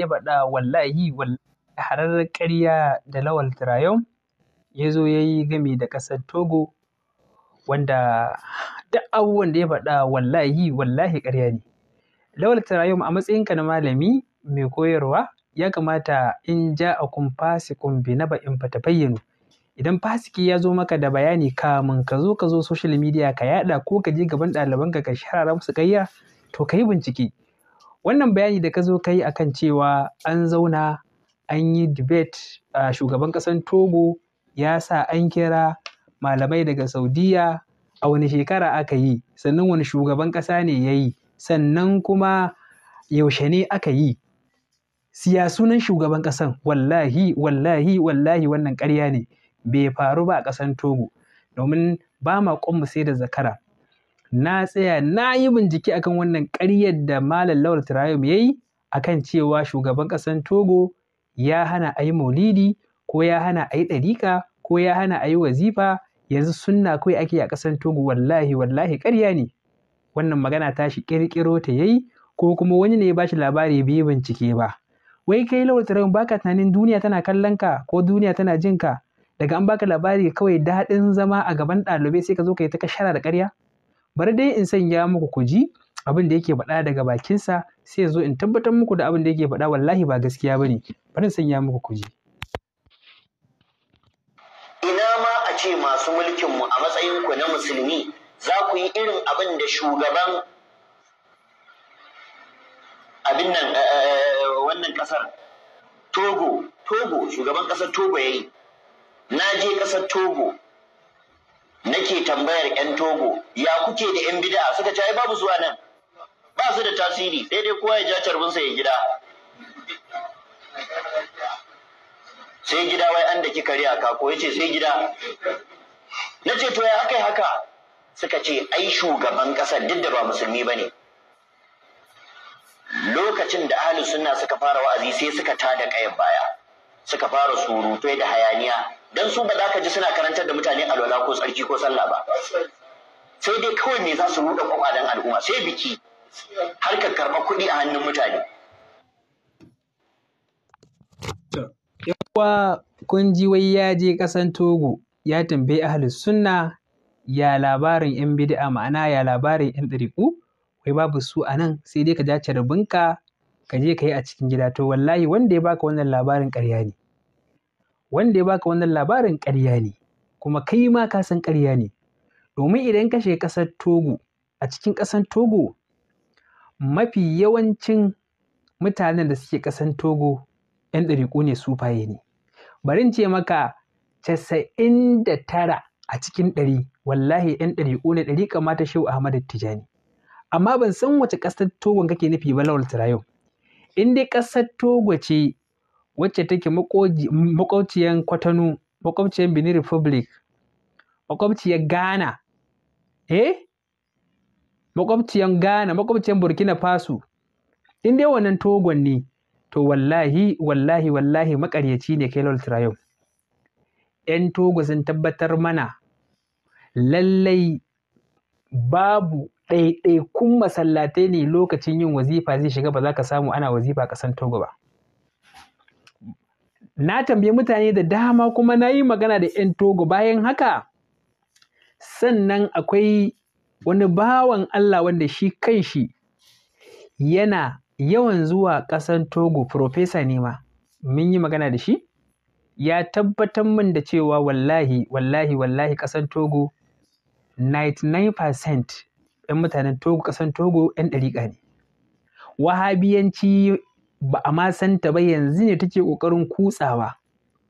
ya faɗa wallahi hararar ƙarya da Lawal Trayon ya zo ya yi game da ƙasar Togo wanda duk abubuwan da ya faɗa wallahi wallahi ƙarya ne. Lawal Trayon a matsayinka na malami mai koyarwa ya kamata in ja a kun fasikun bi na ba'in fata bayyano. Idan fasiki ya zo maka da bayani kamun ka zo ka zo social media ka yaɗa ko ka je gaban ɗalibanka ka sharara musu ƙarya to ka yi bincike. Wannan bayani da ka zo ka yi akan cewa an zauna an yi debate a shugaban ƙasan Togo ya sa an kira malamai daga Saudiyya a wani shekara aka yi, sannan wani shugaban ƙasa ne ya yi, sannan kuma yaushe ne aka yi. Siya sunan shugaban ƙasan wallahi wallahi wallahi wannan ƙarya ne bai faru ba a ƙasan Togo domin ba ma ƙwanmu sai da zakara. na tsaya na yi bincike akan wannan ƙaryar da Malam Lawal Tirayum ya yi akan cewa shugaban ƙasar Togo ya hana a yi maulidi ko ya hana a yi ɗariƙa ko ya hana a yi wazifa yanzu sunna kawai ake a ƙasar Togo wallahi wallahi ƙarya ne wannan magana ta shi ƙirƙiro ta yayi ko kuma wani ne ya bashi labari bai bincike ba wai kai Lawal Tirayum baka tunanin duniya tana kallon ka ko duniya tana jin ka daga an baka labari kawai daɗin zama a gaban ɗalibai sai ka zo ka yi ta kashara da ƙarya Bar dai in sanya muku kuji ji abin da yake faɗa daga bakinsa sai zo in tabbatar muku da abin da yake faɗa wallahi ba gaskiya bane bari in sanya muku ku ina ma a ce masu mulkin mu a matsayin ku na musulmi za ku yi irin abin da shugaban abin nan eh, eh, eh, wannan kasar Togo Togo shugaban kasar Togo yayi na je kasar Togo nake tambayar 'yan togo ya kuke da 'yan bida suka ce babu zuwa nan ba su da tasiri sai dai kowa ya ja carbinsa ya gida sai gida wai an da kika riya ka ko yace sai gida na ce to ya aka haka suka ce ai shugaban ƙasa duk da ba musulmi ba ne lokacin da ahalus suna suka fara wa'azi sai suka tada kayan baya suka fara surutai da hayaniya Don su ba za ka ji suna karantar da mutane alwala ko tsarki ko sallah ba sai dai kawai me za su ruɗa kwakwalen al'umma sai biki har ka karɓa kuɗi a hannun mutane Yawa kun ji wai ya je ƙasan Togo ya tambayi ahalin sunna ya labarin 'yan bid'a ma'ana ya labarin 'yan ɗariƙu wai babu su a nan sai dai ka ja carabinka ka je ka yi a cikin gida to wallahi wanda ya baka wannan labarin ƙarya ne wanda ya baka wannan labarin ƙarya ne kuma kai ma ka san ƙarya ne domin idan ka shiga ƙasar togo a cikin ƙasar togo mafi yawancin mutanen da suke ƙasar togo 'yan ɗariƙo ne sufaye ne barin ce maka casa'in da tara a cikin ɗari wallahi 'yan ɗariƙo ne ɗari kamata shehu ahmadu tijani amma ban san wace ƙasar togo kake nufi ba lawal yau in dai ƙasar togo ce wacce take maƙwabciyan Kwatano, maƙwabciyar Benin Republic, maƙwabciyar Ghana, eh? maƙwabciyan Ghana, Burkina Faso, in dai wannan Togon ne, to wallahi, wallahi, wallahi maƙaryaci ne Kailol Trayon. ‘Yan Togo sun tabbatar mana lallai babu ɗaiɗaikun masallatai ne lokacin yin wazifa zai shiga ba za ka samu ana wazifa ƙasan Togo ba. na tambayi mutane da dama kuma na yi magana da 'yan Togo bayan haka. Sannan akwai wani bawan Allah wanda shi kanshi yana yawan zuwa ƙasan Togo, Profesa ne ma, mun yi magana da shi? Ya tabbatar min da cewa wallahi, wallahi, wallahi ƙasan Togo 99% 'yan mutanen Togo ƙasan Togo 'yan ɗariƙa ne. Wahabiyanci ba a ma san ta ba yanzu ne take kokarin kutsawa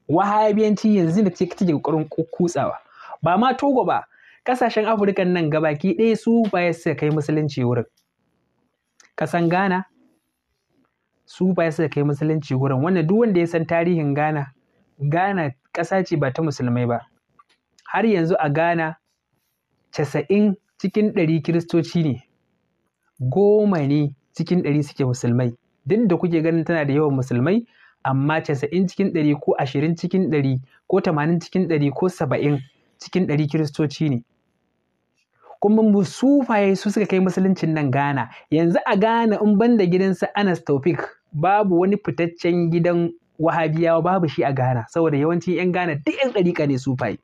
wahabiyanci yanzu ne take ƙoƙarin kutsawa ba ma togo ba ƙasashen afirka nan gabaki ɗaya su ba ya suka kai musulunci wurin kasan ghana su ba ya suka kai musulunci wurin wannan duk wanda ya san tarihin ghana ghana ƙasa ce ba ta musulmai ba har yanzu a ghana casa'in cikin ɗari kiristoci ne goma ne cikin ɗari suke musulmai duk da kuke ganin tana da yawan musulmai amma 90 cikin 100 ko 20 cikin 100 ko 80 cikin 100 ko 70 cikin 100 kiristoci ne kuma sufaye su suka kai musuluncin nan Ghana yanzu a Ghana in ban da gidansa Anas Taufik babu wani fitaccen gidan wahabiyawa babu shi a Ghana saboda yawancin 'yan Ghana duk 'yan ɗariƙa ne sufaye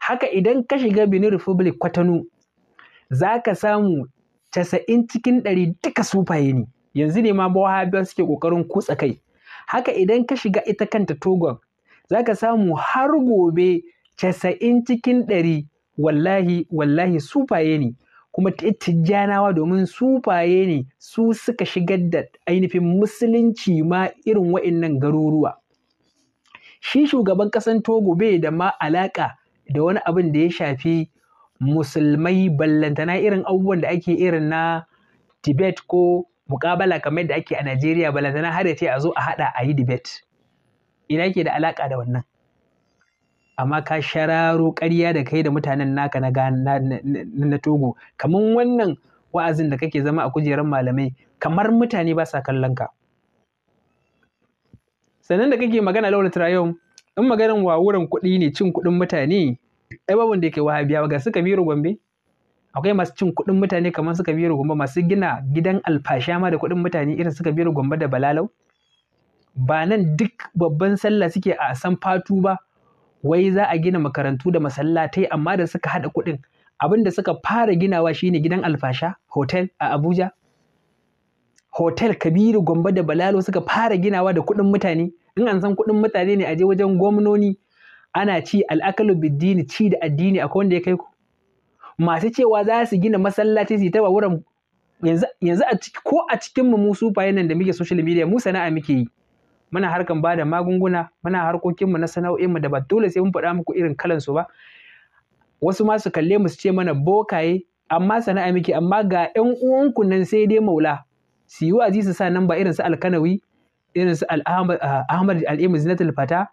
haka idan ka shiga Benin Republic Kwatano za ka samu casa'in cikin ɗari duka sufaye ne yanzu ne ma wahabiya suke ƙoƙarin kutsa kai haka idan ka shiga ita kanta togon za ka samu har gobe casa'in cikin ɗari wallahi wallahi sufaye ne kuma tijjanawa domin sufaye ne su suka shigar da ainihin musulunci ma irin wa'innan garuruwa shi shugaban ƙasan togo bai da ma alaƙa da wani abin da ya shafi musulmai ballantana irin abubuwan da ake irin na tibet ko muƙabala kamar da ake a Najeriya balantana har ya ce a zo a haɗa a yi debate ina ke da alaƙa da wannan amma ka shararo ƙarya da kai da mutanen naka na na Togo kamar wannan wa'azin da kake zama a kujerar malamai kamar mutane ba sa kallon ka sannan da kake magana laura trayon in maganar wawuran kuɗi ne cin kuɗin mutane ai babu da yake wahabiya ga su Kabiru gombe akwai masu cin kuɗin mutane kamar suka biyar gombe masu gina gidan alfasha ma da kuɗin mutane irin suka biyar gombe da balalau ba nan duk babban sallah suke a san fatu ba wai za a gina makarantu da masallatai amma da suka haɗa kuɗin abin da suka fara ginawa shine gidan alfasha hotel a abuja hotel kabiru gombe da balalo suka fara ginawa da kuɗin mutane in an san kuɗin mutane ne a je wajen gwamnoni ana ci al'akalu biddini ci da addini akwai wanda ya kai ku masu cewa za su gina masallaci su yi ta wurin yanzu ko a cikin mu sufayen nan da muke social media mu sana'a muke yi muna harkan ba da magunguna muna harkokin mu na sana'o'in mu da ba dole sai mun faɗa muku irin kalan su ba wasu ma su kalle mu su ce mana bokaye amma sana'a muke amma ga ƴan uwanku nan sai dai maula su yi wazi su sa nan ba irin su alkanawi irin su ah, ahmad al'imu na fata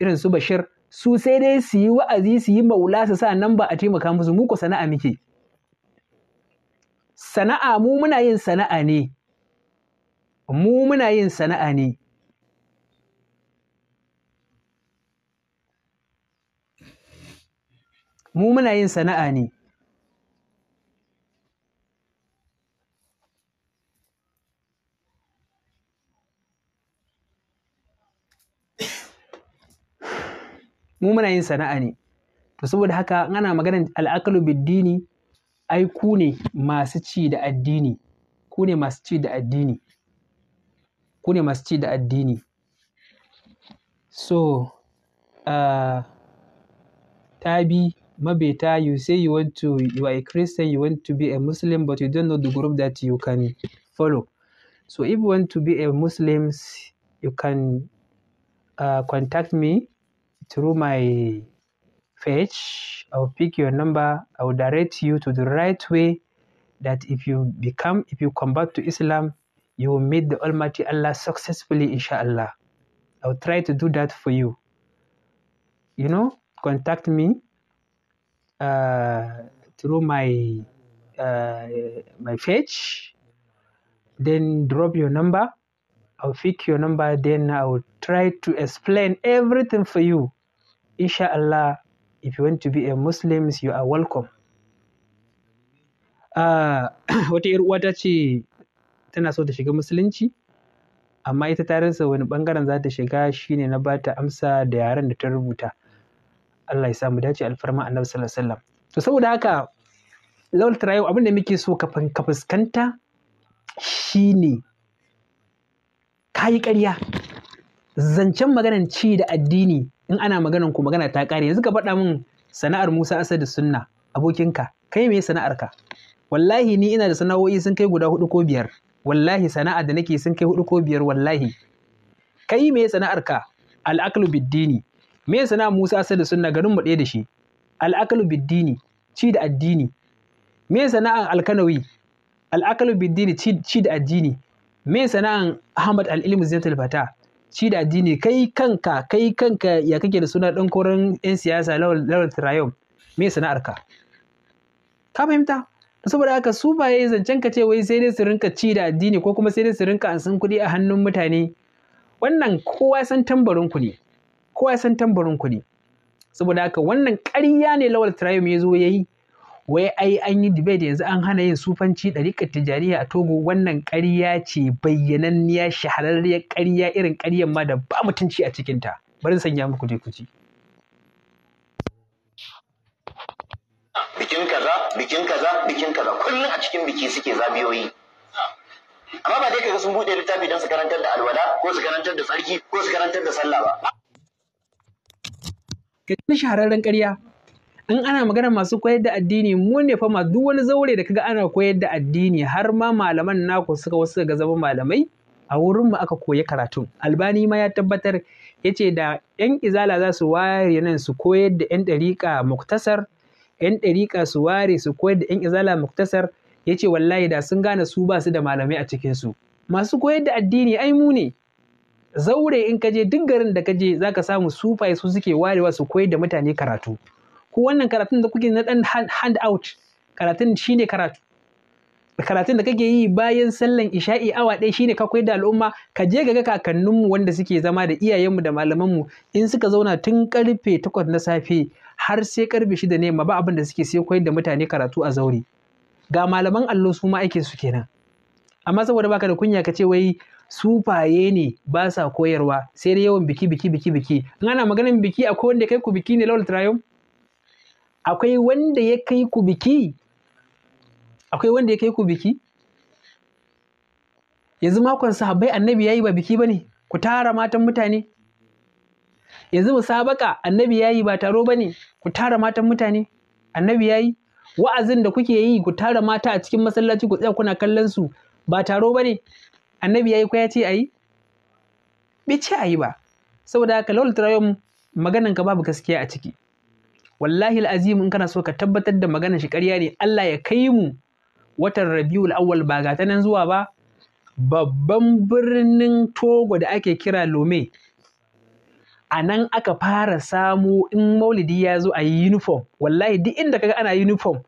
irin su bashir su sai dai su yi wa'azi su yi maula su sa nan ba a taimaka musu mu ko sana'a muke sana'a mu muna yin sana'a ne mu muna yin sana'a ne mu muna yin sana'a ne mu muna yin sana'a ne to saboda haka in ana maganar al'akalu biddini ai ku ne masu ci da addini ku ne masu ci da addini ku ne masu ci da addini so uh, tabi mabeta you say you want to you are a christian you want to be a muslim but you don't know the group that you can follow so if you want to be a muslim you can uh, contact me through my page, I'll pick your number, I'll direct you to the right way that if you become, if you convert to Islam, you will meet the Almighty Allah successfully, inshallah. I'll try to do that for you. You know, contact me uh, through my uh, my page. then drop your number I'll pick your number then I will try to explain everything for you. Inshallah, if you want to be a Muslim, you are welcome. Ah, wata ‘yar uwa ta ce tana so ta shiga Musulunci, amma ita ta rasa wani ɓangaren za ta shiga shine na ba ta amsa da yaren da ta rubuta. Allah ya samu dace alfarma annabi sallallahu alaihi wasallam. To saboda haka Lawal Tarayo abin da muke so ka fuskanta shine ka yi ƙarya zancen maganan ci da addini in ana maganan ku magana ta ƙare yanzu ka faɗa min sana'ar Musa Asad da Sunna abokinka kai me sana'arka wallahi ni ina da sana'o'i sun kai guda hudu ko biyar wallahi sana'a da nake sun kai hudu ko biyar wallahi kai me sana'arka al'aqlu biddini me sana'ar Musa Asad Sunna garin mu ɗaya da shi al'aqlu biddini ci da addini me sana'ar alkanawi al'aqlu biddini ci da addini me sana'an Ahmad al-Ilmu Zainatul Fata shi da addini kai kanka kai kanka ya kake da suna ɗan koren yan siyasa lawal lawal Trayom me sana'arka ka fahimta saboda haka su ba yayi zancen ka ce wai sai dai su rinka ci da addini ko kuma sai dai su rinka ansan kuɗi a hannun mutane wannan kowa san tambarin ku ne kowa san tambarin ku ne saboda haka wannan ƙarya ne lawal Trayom ya zo yayi wai ai an yi debate yanzu an hana yin sufanci ɗariƙar tijariya a togo wannan ƙarya ce bayyananniya shahararriyar ƙarya irin ƙaryar ma da ba mutunci a cikinta bari sanya muku je kuci. bikin kaza bikin kaza bikin kaza kullum a cikin biki suke zabiyoyi amma ba dai kaga sun buɗe littafi don su karantar da alwala ko su karantar da tsarki ko su karantar da sallah ba. Ka shahararren ƙarya in ana magana masu koyar da addini mu ne fa duk wani zaure da kaga ana koyar da addini har ma malaman naku suka wasu ga zama malamai a wurin mu aka koyi karatun albani ma ya tabbatar yace da yan izala za su ware nan su koyar da yan dariƙa muktasar yan dariƙa su ware su koyar da yan izala muktasar yace wallahi da sun gane su ba su da malamai a cikin su masu koyar da addini ai mu ne zaure in kaje duk garin da kaje zaka samu sufaye su suke warewa su koyar da mutane karatu ko wannan karatun da kuke na ɗan hand out karatun shine karatu karatun da kake yi bayan sallan isha'i awa ɗaya shine ka koyar da al'umma ka je ga kakanninmu wanda suke zama da iyayenmu da malamanmu in suka zauna tun karfe takwas na safe har sai karfe shida ne ma ba abin da suke sai koyar da mutane karatu a zaure ga malaman allo su ma aikin su kenan amma saboda baka da kunya ka ce wai sufaye ne ba sa koyarwa sai dai yawan biki biki biki biki in ana maganar biki akwai wanda kai ku biki ne lawal trayum akwai wanda ya kai ku biki akwai wanda ya kai ku biki yanzu makon sahabbai annabi yayi ba biki bane ku tara matan mutane yanzu musabaka annabi yayi ba taro bane ku tara matan mutane annabi yayi wa'azin da kuke yi ku tara mata a cikin masallaci ku tsaya kuna kallon su ba taro bane annabi yayi ko ya ce ayi bai ce ayi ba saboda haka lawal maganan ka babu gaskiya a ciki wallahi al'azim in kana so ka tabbatar da magana shi ƙarya ne Allah ya kai mu watan Rabiul Awwal ba ga ta nan zuwa ba babban birnin Togo da ake kira Lome a nan aka fara samu in maulidi ya zo a yi uniform wallahi duk inda kaga ana uniform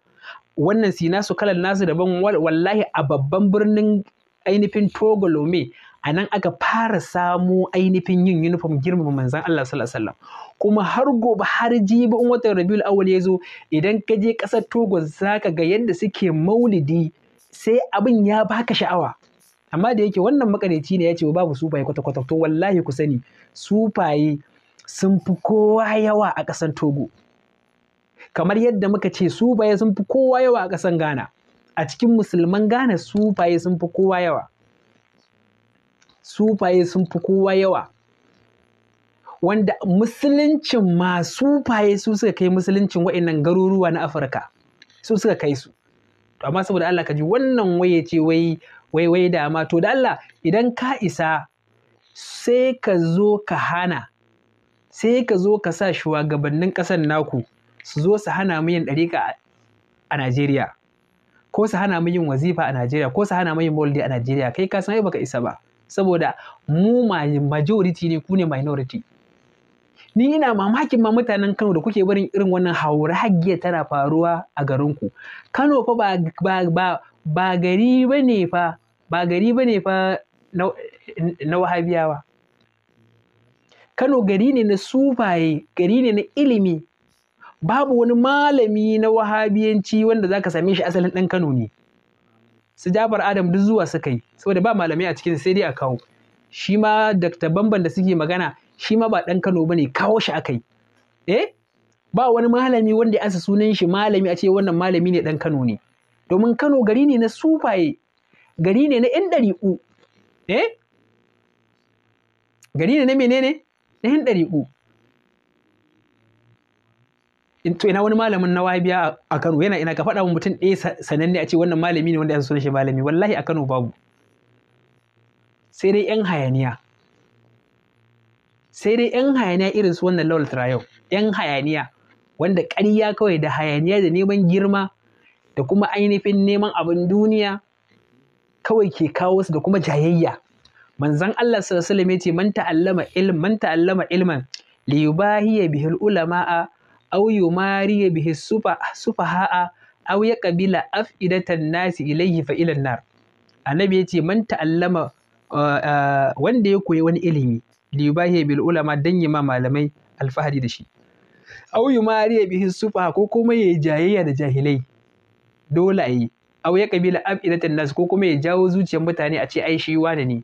wannan sina su kalan nasu daban wallahi a babban birnin ainihin Togo Lome a nan aka fara samo ainihin yin uniform girmama manzan Allah sallallahu kuma har gobe har jibi in watan Rabiul Awwal ya zo idan ka je ƙasar Togo zaka ga yadda suke maulidi sai abin ya baka sha'awa amma da yake wannan makareci ne ya ce babu sufaye kwata-kwata to wallahi ku sani sufaye sun fi kowa yawa a ƙasar Togo kamar yadda muka ce sufaye sun fi kowa yawa a ƙasar Ghana a cikin musulman Ghana sufaye sun fi kowa yawa sufaye sun fi kowa yawa wanda musuluncin ma sufaye su suka kai musuluncin wa'annan garuruwa na afirka su suka kai su to amma saboda Allah ka ji wannan waye ce wai wai wai da ma to da Allah idan ka isa sai ka zo ka hana sai ka zo ka sa shugabannin ƙasar naku su zo su hana mu yin ɗariƙa a Najeriya ko su hana mu yin wazifa a Najeriya ko su hana mu yin a Najeriya kai ka san ai baka isa ba saboda mu majority ne ku ne minority ni ina mamakin ma mutanen Kano da kuke barin irin wannan hauragiya tana faruwa a garinku Kano fa ba ba ba gari bane fa ba gari bane fa na wahabiyawa Kano gari ne na sufaye gari ne na ilimi babu wani malami na wahabiyanci wanda zaka same shi asalin ɗan Kano ne su Jafar Adam duk zuwa suka yi saboda ba malamai a cikin sai dai a kawo shi ma Dr. Bamban da suke magana shi ma ba ɗan Kano bane kawo shi yi eh ba wani malami wanda ya ansa sunan shi malami a ce wannan malami ne ɗan Kano ne domin Kano gari ne na sufaye gari ne na 'yan ɗari'u eh gari ne na menene na 'yan ɗari'u to ina wani malamin na wahabiya a Kano yana ina ka faɗa wa mutum ɗaya sananne a ce wannan malami ne wanda ya sunan shi malami wallahi a Kano babu sai dai yan hayaniya sai dai hayaniya irin su wannan lawal yau yan hayaniya wanda ƙarya kawai da hayaniya da neman girma da kuma ainihin neman abin duniya kawai ke kawo su da kuma jayayya manzon Allah sallallahu alaihi wasallam yace man ta'allama ilman man ta'allama ilman li yubahiya bihil ulama'a aw yumariya bihi sufaha'a aw ya qabila af'idatan nasi ilayhi fa ila nar annabi yace man ta'allama uh, uh, wanda ya koyi wani ilimi libahi bil ulama dan ma malamai alfahari da shi aw yumariya bihi sufaha ko kuma ya jayayya da jahilai dole ayi aw ya qabila af'idatan nasi ko kuma ya jawo zuciyar mutane a ce ai shi wane ne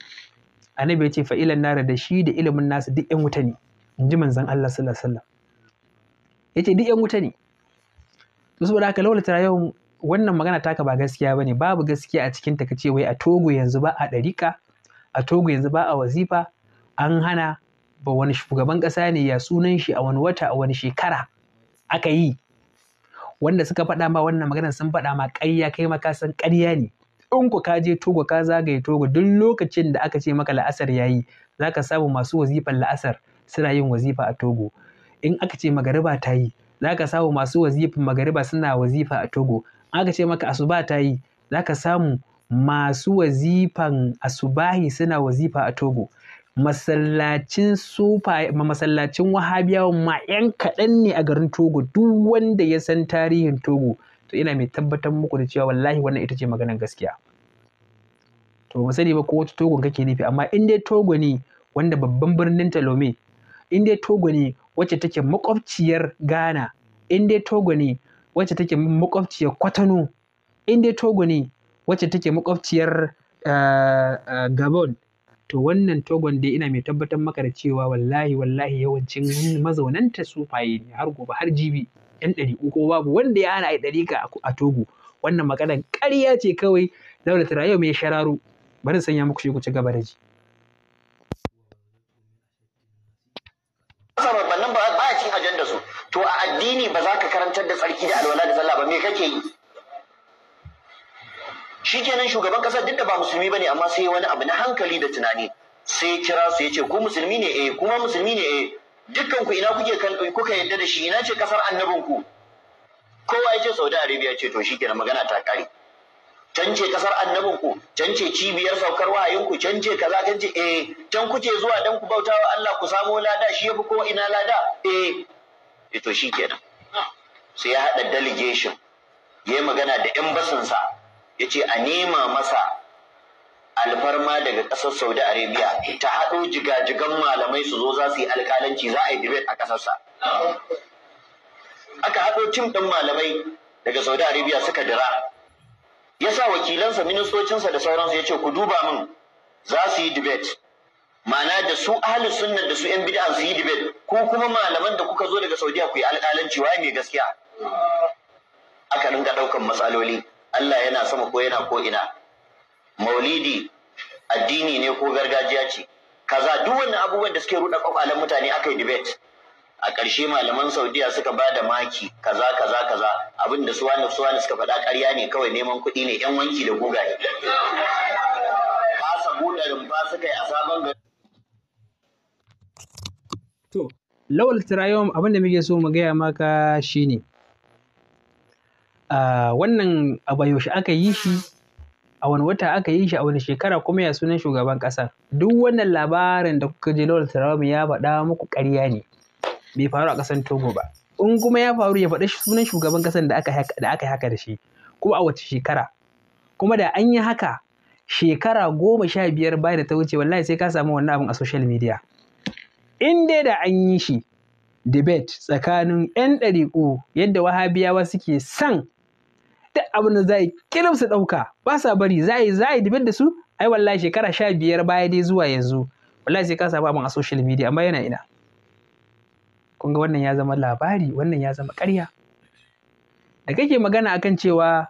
annabi yace fa ila nar da shi da ilimin nasu duk yan wuta ne in ji manzon Allah sallallahu yace duk yan wuta ne to saboda haka lawal tarayyahu wannan magana taka ba gaskiya bane babu gaskiya a cikin ta kace wai a Togo yanzu ba a ɗarika a Togo yanzu ba a wazifa an hana ba wani shugaban ƙasa ne ya sunan shi a wani wata a wani shekara aka yi wanda suka faɗa ma wannan maganar sun faɗa ma ƙarya kai maka san ƙarya ne in ku ka je togo ka zagaye togo duk lokacin da aka ce maka la'asar yayi zaka samu masu wazifar la'asar suna yin wazifa a togo in aka ce magariba ta yi za ka samu masu wazifin magariba suna wazifa a togo in aka ce maka asuba ta yi za ka samu masu wazifan asubahi suna wazifa a togo masallacin sufa masallacin wahabiyawa ma yan kaɗan ne a garin togo duk wanda ya san tarihin togo to ina mai tabbatar muku da cewa wallahi wannan ita ce maganar gaskiya to ba sani ba ko wata togon kake nufi amma in dai togo ne wanda babban birnin talome in dai togo ne wacce take makwabciyar Ghana in dai Togo ne wacce take makwabciyar Kwatano in dai Togo ne wacce take makwabciyar eh, eh, Gabon to wannan Togon dai ina mai tabbatar maka da cewa wallahi wallahi yawancin mazaunanta sufaye ne har gobe har jibi yan ɗari uku babu wanda ya hana a ɗari ka a Togo wannan maganar ƙarya ce kawai Daula Tarayyau mai shararu bari sanya muku shi ku ci gaba da ji. wannan ba ba cikin ajanda su to a addini ba za ka karantar da tsarki da alwala da sallah ba me kake yi Shi shikenan shugaban kasar duk da ba musulmi bane amma sai wani abu na hankali da tunani sai kira su yace ku musulmi ne eh kuma musulmi ne eh dukkan ku ina kuke kan kuka yadda da shi ina ce kasar annabinku kowa yace Saudi Arabia ce to shi shikenan magana ta kare can kasar annabin ku can cibiyar saukar wahayin ku can kaza canje eh can kuke zuwa dan ku bautawa Allah ku samo lada shi yafi ko ina lada eh, eh to shikenan sai ya hada delegation ya magana da yan basinsa ya ce a nema masa alfarma daga ƙasar Saudi Arabia ta haɗo jigajigan malamai su zo za su yi alƙalanci za a yi debate a ƙasarsa. Aka haɗo tim ɗin malamai daga Saudi Arabia suka dira Ya sa wakilansa ministocinsa da sauransu ya ce ku duba min za su yi debate ma'ana da su ahli sunnan da su yan bid'a su yi debate ko kuma malaman da kuka zo daga Saudiya ku yi alƙalanci wa mai gaskiya aka dinga ɗaukan matsaloli Allah yana sama ko yana ko ina maulidi addini ne ko gargajiya ce kaza duk wannan abubuwan da suke ruɗa kwakwalen mutane aka yi debate a ƙarshe malaman saudiya suka ba da maki kaza kaza kaza abin da suwani suwani suka faɗa ƙarya ne kawai neman kuɗi ne yan wanki da guga ne kasa buɗe rumfa suka yi a sabon gari to lawal tirayom abin da muke so mu gaya maka shine ah, wannan abu yaushe aka yi shi a wani wata aka yi shi a wani shekara kuma ya sunan shugaban ƙasa duk wannan labarin da kuka je lawal tirayom ya faɗa muku ƙarya ne bai faru a kasar Togo ba. In kuma ya faru ya faɗi sunan shugaban ƙasar da aka yi haka da shi, kuma a wace shekara. Kuma da an yi haka shekara goma sha biyar baya da ta wuce wallahi sai ka samu wannan abin a social media. In dai da an yi shi debate tsakanin 'yan ɗariƙo yadda wahabiyawa suke son duk abin da za yi su ɗauka ba sa bari za yi za yi debate da su ai wallahi shekara sha biyar baya dai zuwa yanzu wallahi sai ka samu abin a social media amma yana ina. kun ga wannan ya zama labari wannan ya zama ƙarya da kake magana akan cewa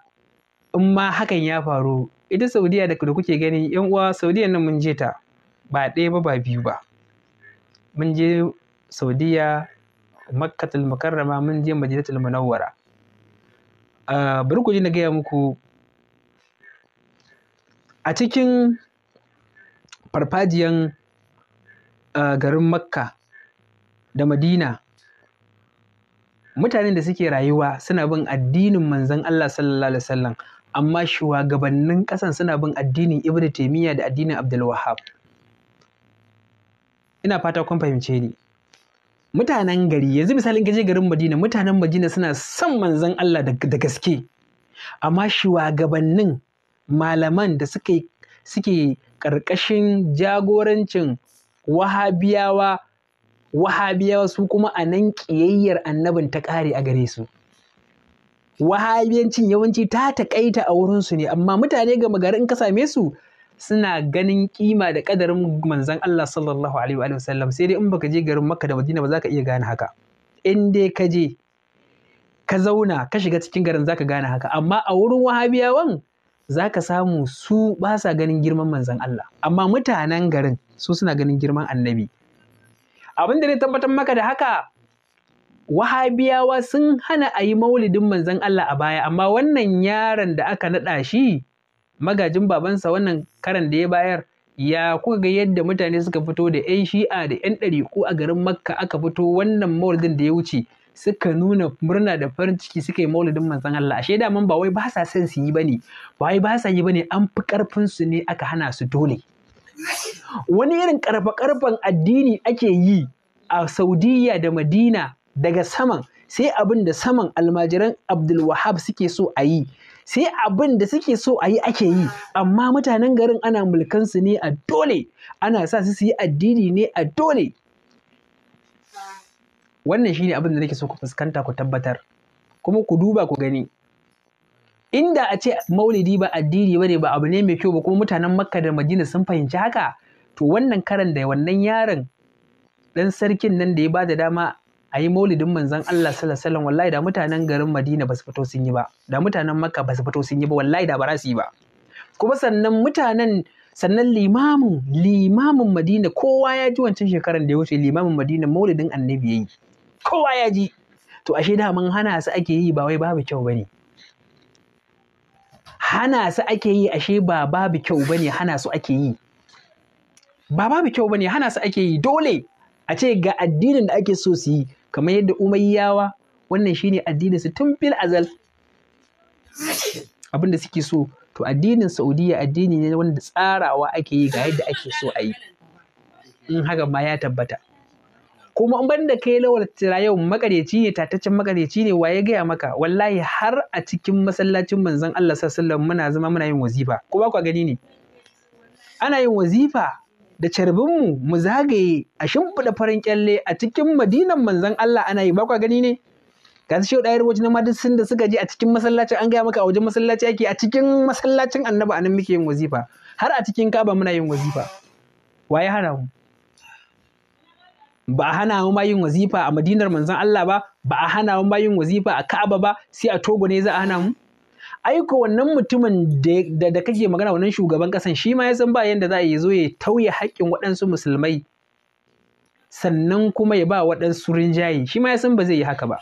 in ma hakan ya faru ita saudiya da kuke gani yan uwa saudiya nan mun je ta ba ɗaya ba ba biyu ba mun je saudiya makkatul mukarrama mun je madinatul munawwara bari ku ji na gaya muku a cikin farfajiyan garin makka da madina mutanen da suke rayuwa suna bin addinin manzon Allah sallallahu alaihi wasallam amma shugabannin ƙasan suna bin addinin Ibn Taymiyya da addinin Abdul Wahhab ina fata kun fahimce ni mutanen gari yanzu misali in je garin Madina mutanen Madina suna son manzon Allah da gaske amma shugabannin malaman da suke suke ƙarƙashin jagorancin wahabiyawa wahabiyawa su kuma a nan kiyayyar annabin ta kare a gare su wahabiyancin yawanci ta taƙaita a wurinsu ne amma mutane gama gari in ka same su suna ganin kima da ƙadarin manzon Allah sallallahu alaihi wa sallam sai dai in baka je garin Makka da Madina ba za ka iya gane haka in dai ka je ka zauna ka shiga cikin garin zaka gane haka amma a wurin wahabiyawan ka samu su ba sa ganin girman manzon Allah amma mutanen garin su suna ganin girman annabi abin da zai tabbatar maka da haka wahabiyawa sun hana a yi maulidin manzon Allah a baya amma wannan yaron da aka naɗa shi magajin babansa wannan karan da ya bayar ya kuka ga yadda mutane suka fito da 'yan shi'a da 'yan ɗariku a garin makka aka fito wannan maulidin da ya wuce suka nuna murna da farin ciki suka yi maulidin manzon Allah ashe da man ba wai ba sa son su yi bane ba wai ba sa yi bane an fi karfin su ne aka hana su dole wani irin karfe-karfen addini ake yi a saudiya da madina daga saman sai abin da saman almajiran abdulwahab suke so a yi sai abin da suke so a yi ake yi amma mutanen garin ana mulkansu ne a dole ana sa su su yi addini ne a dole wannan shine abin da nake so ku fuskanta ku tabbatar kuma ku duba ku gani inda a ce maulidi ba addini bane ba abu ne mai kyau ba kuma mutanen makka da madina sun fahimci haka to wannan karan da wannan yaron dan sarkin nan da ya bada dama a yi maulidin manzon Allah sallallahu alaihi wasallam wallahi da mutanen garin Madina ba su fito sun yi ba da mutanen Makka ba su fito sun yi ba wallahi da ba ba kuma sannan mutanen sannan limamin limamin Madina kowa ya ji wancan shekaran da ya wuce limamin Madina maulidin annabi yayi kowa ya ji to ashe da mun hana su ake yi ba wai babu kyau bane hana su ake yi ashe ba babu kyau bane hana su ake yi ba babu kyau bane hana su ake yi dole a ce ga addinin da ake so su yi kamar yadda umayyawa wannan shine addinin su tun fil azal abin da suke so to addinin saudiya addini ne wanda tsarawa ake yi ga yadda ake so a yi in haka ma ya tabbata kuma in banda kai lawal yau makareci ne tataccen makareci ne Wa ya gaya maka wallahi har a cikin masallacin manzon Allah sallallahu alaihi muna zama muna yin wazifa ko ba ku gani ne ana yin wazifa da carbinmu mu zagaye a shimfiɗa farin kyalle a cikin madinan manzon Allah ana yi ba ku gani ne ga su ɗaya rubuci na madisin da suka je a cikin masallacin an gaya maka a wajen masallaci ake a cikin masallacin annabi anan muke yin wazifa har a cikin kaba muna yin wazifa waye hana mu ba a hana mu yin wazifa a madinar manzon Allah ba ba a hana mu yin wazifa a Ka'aba ba sai a Togo ne za a hana mu aiko wannan mutumin da kake magana wannan shugaban kasan shi ma ya san ba yanda za a yi zo ya tauye haƙƙin waɗansu musulmai sannan kuma ya ba waɗansu rinjaye shi ma ya san ba zai yi haka ba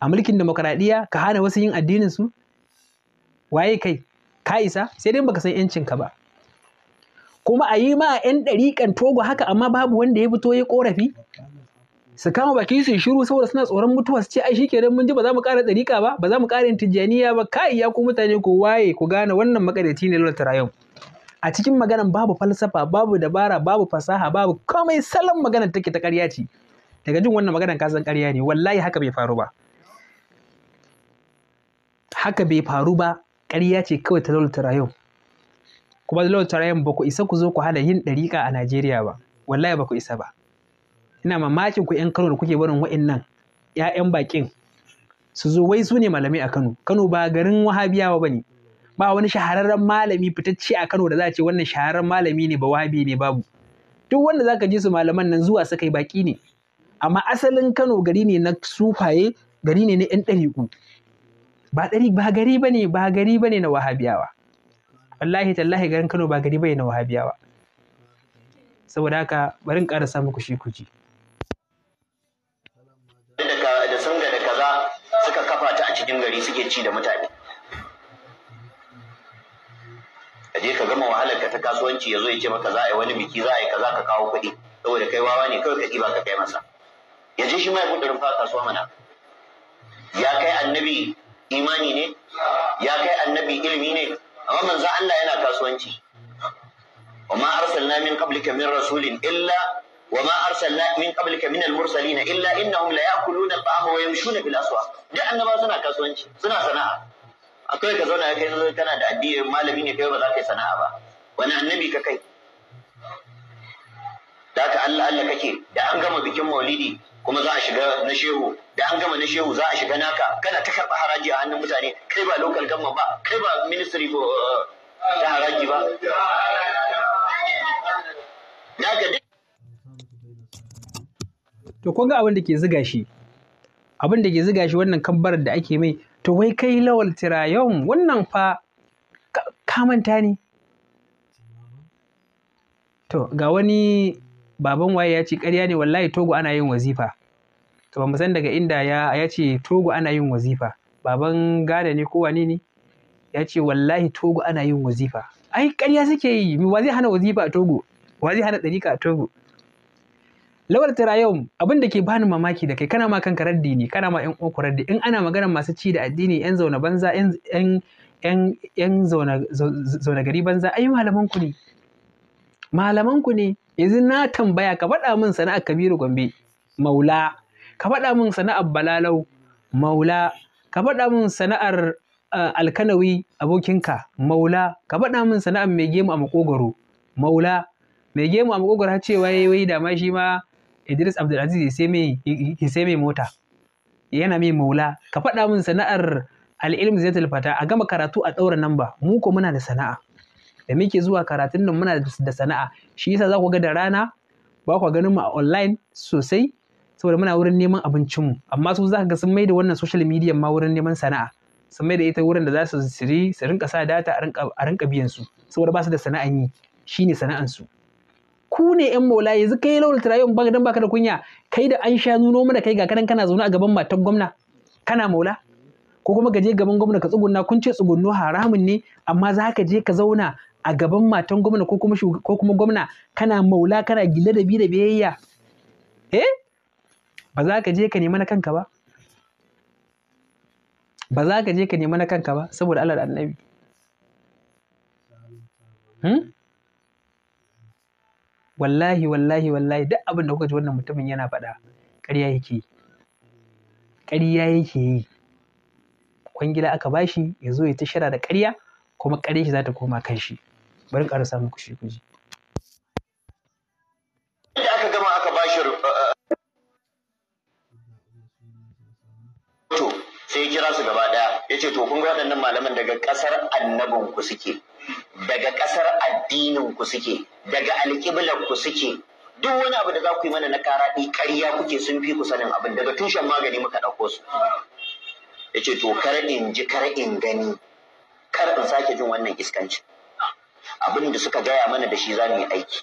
a mulkin demokaradiyya ka hana wasu yin addinin su waye kai ka isa sai dai baka san 'yancin ka ba kuma a yi ma 'yan ɗariƙan togo haka amma babu wanda ya fito ya ƙorafi su kama baki su shiru saboda suna tsoron mutuwa su ce ai shikenan mun ji ba za mu ƙara ɗariƙa ba ba za mu ƙara tijjaniya ba kai ya ku mutane ku waye ku gane wannan makadaci ne lalata a cikin maganan babu falsafa babu dabara babu fasaha babu komai salon maganar take ta ƙarya ce daga jin wannan maganar ka san ƙarya ne wallahi haka bai faru ba haka bai faru ba ƙarya ce kawai ta lalata kuma da lokacin ba ku isa ku zo ku hana yin ɗariƙa a Najeriya ba wallahi ba ku isa ba ina mamakin ku ƴan Kano da kuke barin wa'innan ƴaƴan baƙin? su zo wai sune ne malamai a Kano Kano ba garin wahabiyawa bane ba wani shahararren malami fitacce a Kano da za a ce wannan shahararren malami ne ba wahabi ne babu duk wanda za ka ji su malaman nan zuwa sakai yi baki ne amma asalin Kano gari ne na sufaye gari ne na ƴan ɗariƙu ba ɗari ba gari bane ba gari bane na wahabiyawa wallahi tallahi garin Kano ba gari bai na wahabiyawa saboda haka bari in ƙara samu kushi kuji da sanga da kaza suka kafa ta a cikin gari suke ci da mutane A je ka gama wahalar ka ta kasuwanci ya zo ya ce maka za a yi wani biki za a yi kaza ka kawo kuɗi saboda kai wawa ne kawai ka ɗiba ka kai masa ya je shi ma ya buɗe kasuwa mana ya kai annabi imani ne ya kai annabi ilimi ne amma manzo Allah yana kasuwanci wa ma arsalna min qablika min rasulin illa wa ma arsalna min qablika min al-mursalin illa innahum la ya'kuluna al-ta'ama wa yamshuna fil aswaq duk annaba suna kasuwanci suna sana'a akwai ka zauna kai tana da addini malamin ya kai ba za ka yi sana'a ba wani annabi ka kai da haka Allah Allah kake da an gama bikin maulidi kuma za a shiga na shehu da an gama na shehu za a shiga naka kana ta karɓa haraji a hannun mutane kai ba local gamma ba kai ba ministry uh, ta haraji ba to kun ga abin da ke ziga shi abin da ke ziga shi wannan kabbarar da ake mai to wai kai lawal tirayon wannan fa kamanta ne to ga wani baban waye ya ce ƙarya ne wallahi togo ana yin wazifa to ba mu san daga inda ya ya ce togo ana yin wazifa baban gane ne ko wane ne ya ce wallahi togo ana yin wazifa ai ƙarya suke yi wa zai hana wazifa a togo wa zai hana ɗarika a togo lawal tara yau abin da ke bani mamaki da kai kana ma kanka raddi ne kana ma yan uku raddi in ana magana masu ci da addini yan zauna banza yan yan zauna gari banza ai malaman ku ne malaman ku ne yanzu na tambaya ka faɗa min sana'ar kabiru gombe maula ka faɗa min sana'ar balalau maula ka faɗa min sana'ar eh, alkanawi abokinka maula ka faɗa min sana'ar mai gemu a makogoro maula mai gemu a makogoro har cewa yayi wai da ma shi ma Idris Abdulaziz ya sai mai mota yana mai maula ka faɗa min sana'ar al-ilm zaitul fata a gama karatu a ɗaura namba mu ko muna da sana'a da muke zuwa karatun nan muna da sana'a shi yasa za ku ga da rana ba ku ganin mu a online sosai saboda muna wurin neman mu amma su za ka ga sun mai da wannan social media ma wurin neman sana'a sun mai da ita wurin da za su siri su rinka sa data a rinka biyan su saboda ba su da sana'an yi shine sana'an su ku ne yan mola yanzu kai lawal tarayon ba dan baka da kunya kai da an sha nuno mana kai ga kanan kana zaune a gaban matan gwamna kana mola ko kuma ka je gaban gwamna ka tsugunna kun ce tsugunno haramun ne amma za ka je ka zauna a gaban matan gwamna ko kuma gwamna kana maula kana gilla da bi da biyayya eh ba za ka je ka nemi na kanka ba ba za ka je ka nemi na kanka ba saboda Allah da Annabi hmm? wallahi wallahi wallahi duk abin da kuka ji wannan mutumin yana faɗa ƙarya yake ƙarya yake yi kwangila aka bashi ya zo ya ta shara da ƙarya kuma ƙarya shi za ta koma kan shi bari in ƙarasa muku shi kuji aka gama aka bashi to sai ya kira su gaba ɗaya, ya ce to kun ga waɗannan malaman daga ƙasar annabinku suke daga ƙasar addinin suke daga alƙiblar suke duk wani abu da za ku yi mana na karaɗi ƙarya kuke sun fi ku sanin abin daga tushen magani muka ɗauko su ya ce to kar in ji kar in gani kar in sake jin wannan iskanci abin da suka gaya mana da shi za mu yi aiki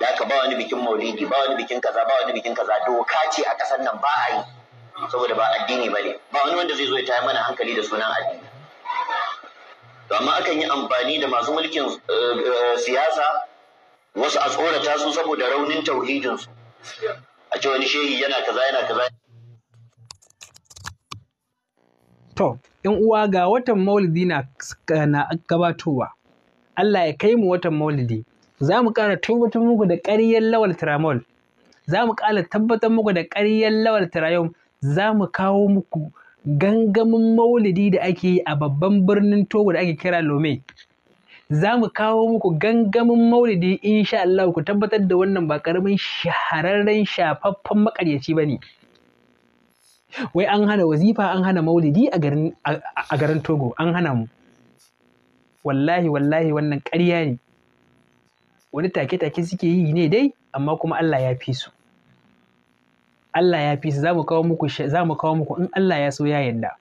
da aka ba wani bikin maulidi ba wani bikin kaza ba wani bikin kaza doka ce a ƙasar nan ba a yi saboda ba addini ba ne ba wani wanda zai zo ya taya mana hankali da sunan addini to amma akan yi amfani da masu mulkin eh, eh, siyasa wasu a tsorata su saboda raunin tauhidinsu a ce wani shehi yana kaza yana kaza to in uwa ga watan maulidi na gabatowa Allah ya kai mu watan maulidi za mu ƙara tabbatar muku da ƙaryar lawal tiramol za mu ƙara tabbatar muku da ƙaryar lawal tirayom za mu kawo muku gangamin maulidi da ake yi a babban birnin togo da ake kira lome za mu kawo muku gangamin maulidi insha Allah ku tabbatar da wannan ba karamin shahararren shafaffen makaryaci ba ne wai an hana wazifa an hana maulidi a garin togo an hana mu wallahi wallahi wannan ƙarya ne wani take-take suke yi ne dai amma kuma Allah ya fi su Allah ya fi su za mu kawo muku za mu kawo muku in Allah ya so ya yanda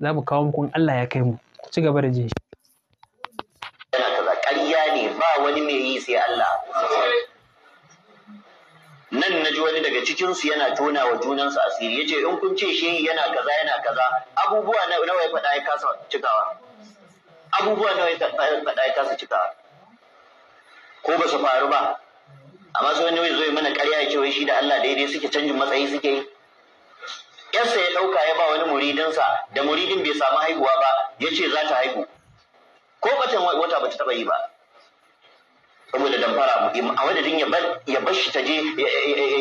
za mu kawo muku in Allah ya kai mu ku ci gaba da jin shi ƙarya ne ba wani mai yi sai Allah nan na ji wani daga cikinsu yana tona wa junansu asiri ya ce in kun ce shehi yana kaza yana kaza abubuwa nawa ya faɗa ya kasa cikawa abubuwa nawa ya faɗa ya kasa cikawa ko ba su faru ba amma sai wani zo mana ƙarya ya cewa shi da Allah daidai suke canjin matsayi suke yi yarsa ya ɗauka ya ba wani muridinsa da muridin bai samu haihuwa ba ya ce za ta haihu ko batan wata ba ta taɓa yi ba saboda damfara a wadadin ya bar shi ta je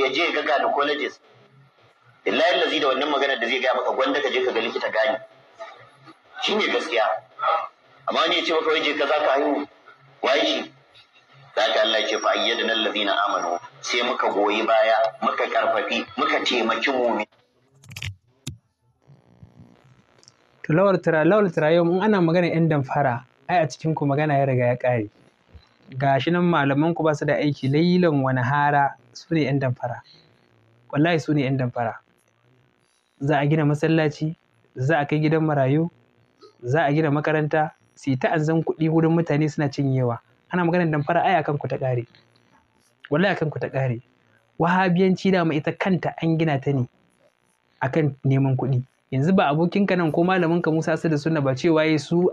ya je ga gynecologist billahi lazi da wannan maganar da zai gaya maka gwanda ka je ka ga likita gani shine gaskiya amma ya ce maka waje ka za ka haihu waye shi za ka Allah ce fa ayyadna allazina amanu sai muka goyi baya muka karfafi muka taimaki mu'min to lawal tira lawal tira yau in ana magana yan damfara ai a cikin ku magana ya riga ya kare gashi nan malaman ku ba su da aiki lailan wani hara su ne yan damfara wallahi su ne yan damfara za a gina masallaci za a kai gidan marayu za a gina makaranta su yi ta'azzan kuɗi wurin mutane suna cinyewa ana maganar damfara ai akan ku ta ƙare wallahi akan ku ta ƙare wahabiyanci dama ita kanta an gina ta ne akan neman kuɗi yanzu ba ka nan ko malamin ka Musa da Sunna ba cewa su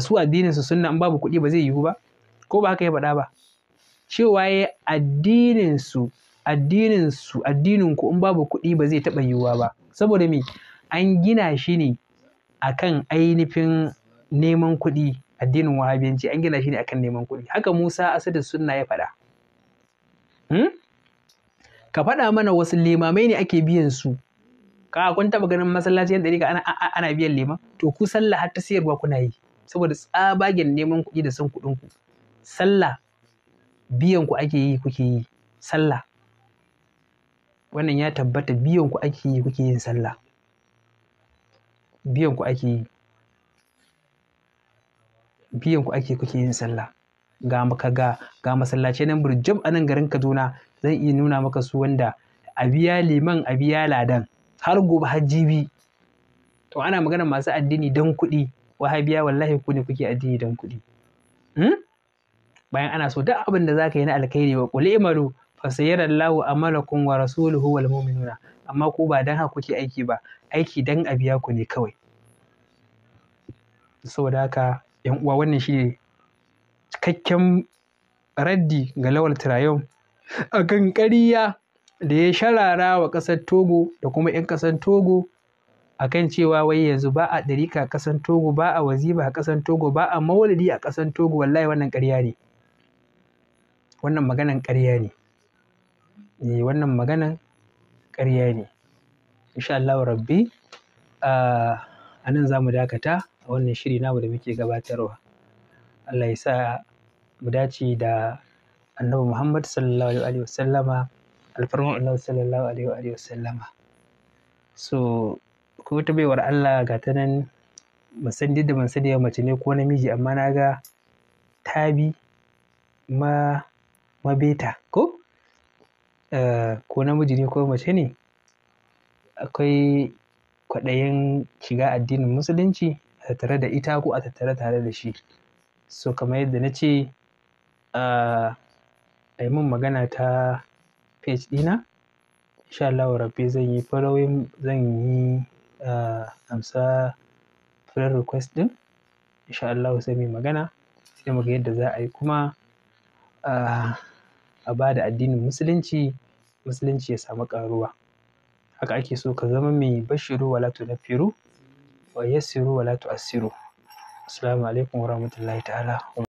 su addinin su sunna in babu kuɗi ba zai yiwu ba ko ba haka ya faɗa ba cewa yai addinin su addinin su addinin ku in babu kuɗi ba zai taɓa yiwuwa ba saboda me an gina shi ne akan ainihin neman kuɗi addinin wahabiyanci an gina shi ne akan neman kuɗi haka Musa asadin Sunna ya faɗa hmm? ka faɗa mana wasu limamai ne ake biyan su ka kun taɓa ganin masallaci yan ɗariƙa ana, ana biyan liman to ku sallah har ta siyarwa kuna yi saboda tsabagen neman kuɗi da son kuɗin ku sallah biyan ku ake yi kuke yi sallah wannan ya tabbata biyan ku ake yi kuke yin sallah biyan ku ake yi biyan ku ake kuke yin sallah ga maka ga ga masallaci nan burjum anan garin Kaduna zan iya nuna maka su wanda a biya liman a biya ladan har gobe har jibi to ana magana masu addini dan kuɗi wahabiya wallahi ku ne kuke addini don kuɗi hmm? bayan ana so duk abin da zaka yi na alkhairi wa qul imalu fasayara Allahu amalakum wa rasuluhu wal mu'minuna amma ko ba dan haka kuke aiki ba aiki dan a biya ku ne kawai saboda haka 'Yan uwa wannan ne cikakken raddi ga Lawal Tirayon a kan ƙarya da ya sharara wa ƙasar Togo da kuma 'yan ƙasar Togo a kan cewa wai yanzu ba a ɗarika a ƙasar Togo ba a waziba a ƙasar Togo ba a maulidi a ƙasar Togo wallahi wannan ƙarya ne wannan maganan ƙarya ne eh wannan maganan ƙarya ne insha Allah rabbi ah, a nan za mu dakata a wannan shiri namu da muke gabatarwa. Allah ya sa mu dace da Annabi Muhammad sallallahu alaihi wasallama alfarman annabi sallallahu alaihi wasallama. So ko ta baiwar Allah ga ta nan duk da ban sani mace ne ko namiji amma na ga ta bi ma mabeta ko eh, ko namiji ne ko mace ne akwai kwaɗayin shiga addinin musulunci tattare da ita ko a tattare tare da shi so kamar yadda na ce a yi min magana ta page ɗina insha Allah rabbi zan yi farawin zan yi amsa prayer request ɗin insha Allah sai mai magana sai mu yadda za a yi kuma a ba da addinin musulunci musulunci ya samu karuwa. haka ake so ka zama mai bashiru wala tunafiru? wa yassiru wa la tu'assiru. Assalamu alaikum warahmatullahi rahmatullahi ta'ala.